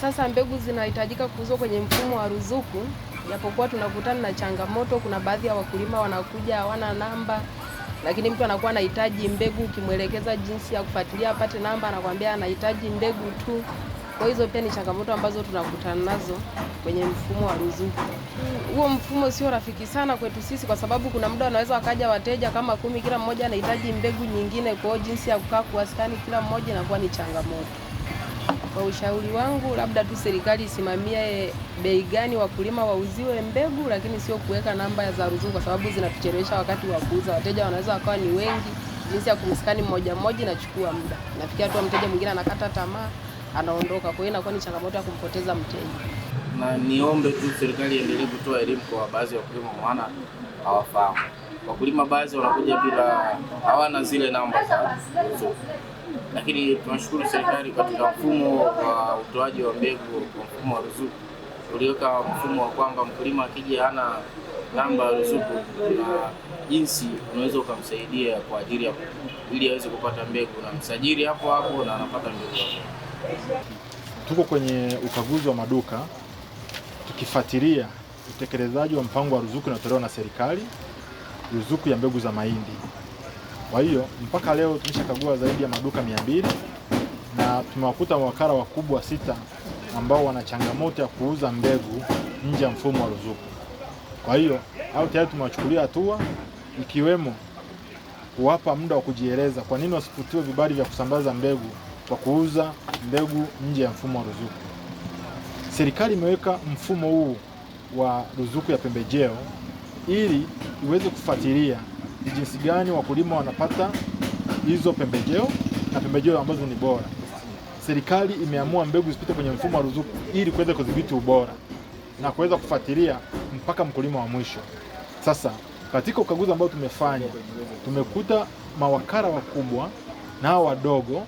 sasa mbegu zinahitajika kuuzwa kwenye mfumo wa ruzuku, japokuwa tunakutana na changamoto. Kuna baadhi ya wakulima wanakuja hawana namba, lakini mtu anakuwa anahitaji mbegu, ukimwelekeza jinsi ya kufuatilia apate namba, anakuambia anahitaji mbegu tu. Kwa hizo pia ni changamoto ambazo tunakutana nazo kwenye mfumo wa ruzuku. Huo mfumo sio rafiki sana kwetu sisi, kwa sababu kuna muda wanaweza wakaja wateja kama kumi, kila mmoja anahitaji mbegu nyingine. Kwa hiyo jinsi ya kukaa kuwasikani kila mmoja inakuwa ni changamoto. Kwa ushauri wangu, labda tu serikali isimamie bei gani wakulima wauziwe mbegu, lakini sio kuweka namba za ruzuku, kwa sababu zinatuchelewesha wakati wa kuuza. Wateja wanaweza wakawa ni wengi, jinsi ya kumskani mmoja mmoja inachukua muda. Nafikia tu mteja mwingine anakata tamaa, anaondoka. Kwa hiyo inakuwa ni changamoto ya kumpoteza mteja, na niombe tu serikali iendelee kutoa elimu kwa baadhi ya wakulima, maana hawafahamu wakulima baadhi wanakuja bila, hawana zile namba lakini tunashukuru serikali katika mfumo wa utoaji wa mbegu kwa mfumo wa ruzuku uliweka mfumo wa kwamba mkulima akija hana namba ya ruzuku na jinsi unaweza ukamsaidia kwa ajili ya ili aweze kupata mbegu na msajili hapo hapo na anapata mbegu hapo. Tuko kwenye ukaguzi wa maduka tukifuatilia utekelezaji wa mpango wa ruzuku unaotolewa na serikali ruzuku ya mbegu za mahindi. Kwa hiyo mpaka leo tumeshakagua zaidi ya maduka mia mbili na tumewakuta wakala wakubwa sita ambao wana changamoto ya kuuza mbegu nje ya mfumo wa ruzuku. Kwa hiyo au tayari tumewachukulia hatua ikiwemo kuwapa muda wa kujieleza kwa nini wasifutiwe vibali vya kusambaza mbegu kwa kuuza mbegu nje ya mfumo wa ruzuku. Serikali imeweka mfumo huu wa ruzuku ya pembejeo ili iweze kufuatilia ni jinsi gani wakulima wanapata hizo pembejeo na pembejeo ambazo ni bora. Serikali imeamua mbegu zipite kwenye mfumo wa ruzuku ili kuweza kudhibiti ubora na kuweza kufuatilia mpaka mkulima wa mwisho. Sasa katika ukaguzi ambao tumefanya, tumekuta mawakala wakubwa na wadogo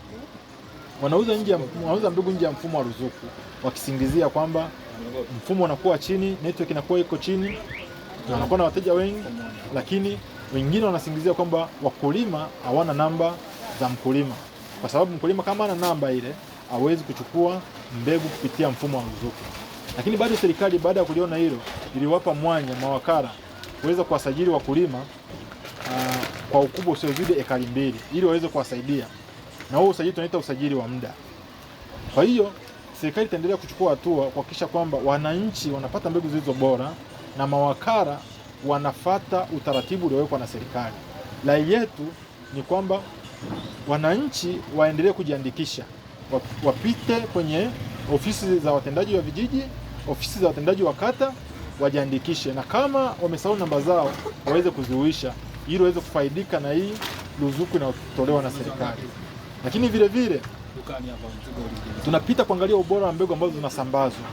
wanauza nje, wanauza mbegu nje ya mfumo wa ruzuku wakisingizia kwamba mfumo unakuwa chini, network inakuwa iko chini, na wanakuwa na wateja wengi, lakini wengine wanasingizia kwamba wakulima hawana namba za mkulima, kwa sababu mkulima kama ana namba ile hawezi kuchukua mbegu kupitia mfumo wa ruzuku. Lakini bado serikali baada ya kuliona hilo iliwapa mwanya mawakala kuweza kuwasajili wakulima uh, kwa ukubwa usiozidi ekari mbili ili waweze kuwasaidia, na huo usajili tunaita usajili wa muda. Kwa hiyo serikali itaendelea kuchukua hatua kuhakikisha kwamba wananchi wanapata mbegu zilizo bora na mawakala wanafata utaratibu uliowekwa na serikali. Rai yetu ni kwamba wananchi waendelee kujiandikisha, wapite kwenye ofisi za watendaji wa vijiji, ofisi za watendaji wa kata, wajiandikishe, na kama wamesahau namba zao waweze kuzihuisha, ili waweze kufaidika na hii ruzuku inayotolewa na serikali. Lakini vile vile tunapita kuangalia ubora wa mbegu ambazo zinasambazwa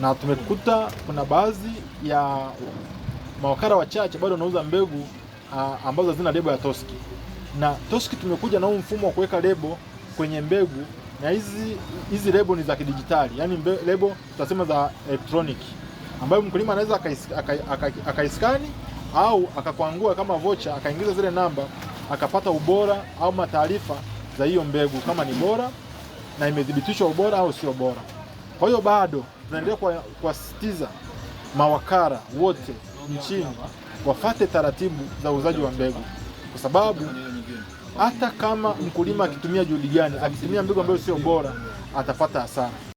na tumekuta kuna baadhi ya mawakala wachache bado wanauza mbegu uh, ambazo hazina lebo ya Toski, na Toski tumekuja na huu mfumo wa kuweka lebo kwenye mbegu, na hizi hizi lebo ni za kidijitali, yani mbe, lebo tutasema za electronic, ambayo mkulima anaweza akaiskani au akakwangua kama vocha, akaingiza zile namba, akapata ubora au mataarifa za hiyo mbegu kama ni bora na imethibitishwa ubora au sio bora. Kwa hiyo bado tunaendelea kuwasisitiza mawakala wote nchini wafate taratibu za uuzaji wa mbegu, kwa sababu hata kama mkulima akitumia juhudi gani, akitumia mbegu ambayo sio bora atapata hasara.